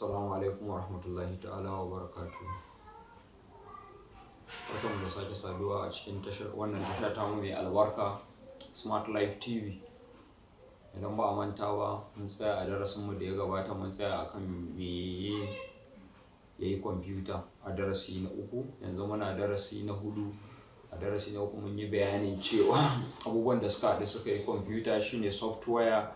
Salamu alaikum wa rahmatullahi ta'ala wa barakatu. Barkanmu da sake saduwa a cikin wannan tasha ta mu mai albarka Smart Life TV. Idan ba a manta ba, mun tsaya a darasin mu da ya gabata mun tsaya akan meye ya yi kwamfuta a darasi na uku, yanzu muna darasi na hudu. A darasi na uku mun yi bayanin cewa abubuwan da suka haɗu suka yi kwamfuta shine software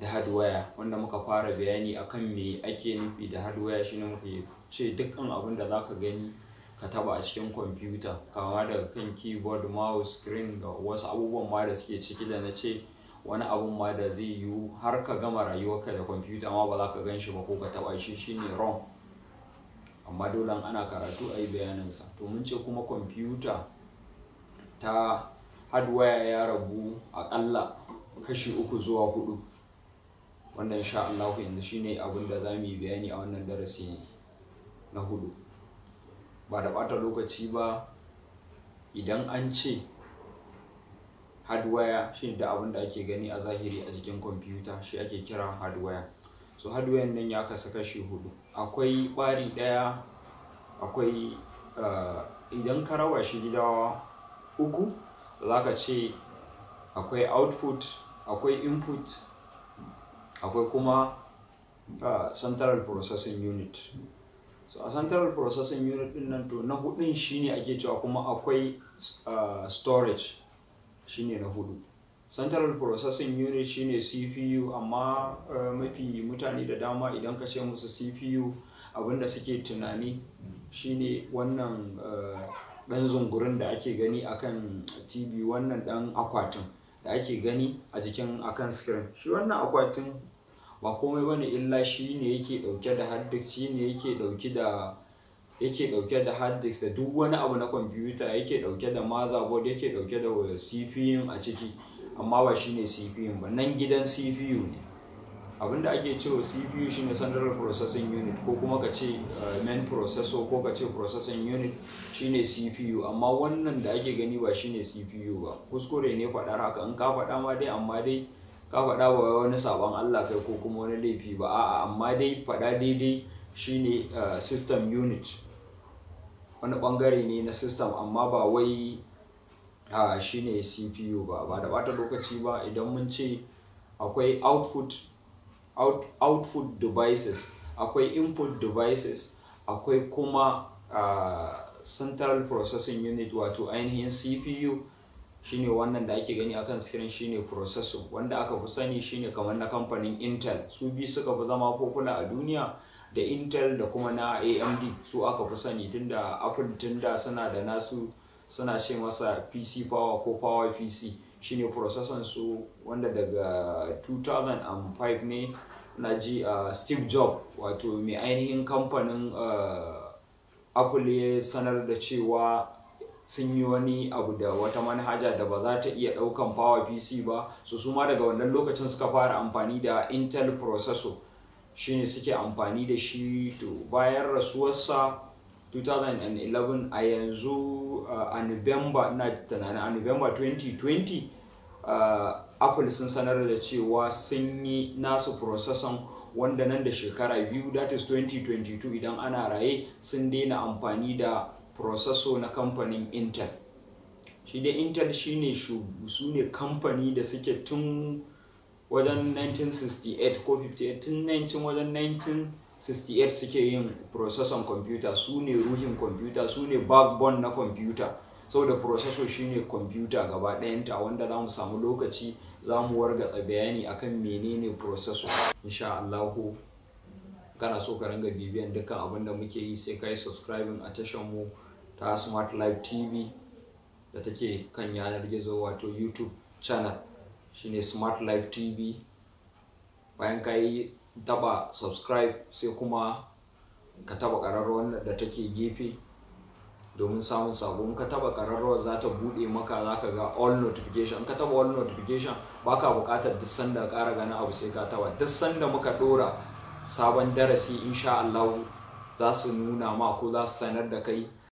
da hardware wanda muka fara bayani akan me ake nufi da hardware shine muka ce dukkan abin da zaka gani ka taba a cikin kwamfuta kama daga kan keyboard mouse screen da wasu abubuwan ma da suke ciki da na ce wani abun ma da zai yiwu har ka gama rayuwarka da kwamfuta ma ba za ka gan shi ba ko ka taba shi shine rom amma dole ana karatu a yi bayaninsa to mun ce kuma kwamfuta ta hardware ya rabu akalla kashi uku zuwa hudu wanda insha Allah yanzu shine abin da za mu yi bayani a wannan darasi na hudu ba da ɓata lokaci ba idan an ce hardware shi da abin da ake gani a zahiri a jikin kwamfuta shi ake kira hardware so hardware nan ya kasa kashi hudu akwai ɓari ɗaya akwai eh, idan ka rawa shi gida uku za ka ce akwai output akwai input akwai kuma a ah, central processing unit so a central processing unit din nan to na hudun shine ake cewa kuma akwai uh, storage shine na hudu central processing unit shine cpu amma eh, mafi mutane da dama idan ka ce musu cpu abinda suke tunani shine wannan uh, eh, dan zungurin da ake gani akan tv wannan dan akwatin da ake gani a jikin akan screen shi wannan akwatin ba komai bane illa shi ne yake dauke da hard disk shi ne yake dauke da yake dauke da hard disk da duk wani abu na kwamfuta yake dauke da motherboard yake dauke da cpu a ciki amma ba shine cpu ba nan gidan cpu ne abin da ake cewa cpu shine central processing unit ko kuma ka ce eh, main processor ko ka ce processing unit shine cpu amma wannan da ake gani ba shine cpu ba kuskure ne faɗar haka in ka faɗa ma dai amma dai ka faɗa ba wani sabon allah kai ko kuma wani laifi ba a'a amma dai faɗa daidai shine eh, system unit wani bangare ne na system amma ba wai shine cpu ba ba da bata lokaci ba idan mun ce akwai output out, output devices akwai input devices akwai kuma uh, central processing unit wato ainihin cpu shine wannan da ake gani akan screen shine processor wanda aka fi sani shine kamar na kamfanin intel su bi suka fi zama popular a duniya da intel da kuma na amd su aka fi sani tunda apple tunda suna da nasu suna ce masa pc power ko power pc shine processor su wanda daga 2005 ne na ji uh, steve job wato mai ainihin kamfanin uh, apple ya sanar da cewa sun yi wani abu da wata manhaja da ba za ta iya daukan power pc ba su suma daga wannan lokacin suka fara amfani da intel processor shine suke amfani da shi to bayan rasuwarsa 2011 a yanzu Uh, a november na tunanin a november 2020 uh, apple sun sanar da cewa sun yi nasu processor wanda nan da shekara biyu that is 2022 idan ana raye sun daina amfani da processor na kamfanin intel shi dai intel shine su ne kamfani da suke tun wajen 1968 ko 58 tun 19 wajen 68 suke yin processor computer su ne ruhin computer su ne backbone na computer saboda processor shine computer gaba ɗayanta wanda za mu samu lokaci za mu wargatsa bayani akan menene processor insha Allahu kana so ka ringa bibiyan dukkan abin da muke yi sai ka yi subscribing a tashar mu ta smart life tv da take kan yanar gizo wato youtube channel shine smart life tv bayan ka yi taba subscribe sai kuma ka taba ƙararrawar da take gefe domin samun sabon ka taba kararrawar za ta buɗe maka za ka ga all notification ka taba all notification ba ka bukatar duk sanda ƙara ganin abu sai ka taba duk sanda muka ɗora sabon darasi insha Allah za su nuna ma ko za su sanar da kai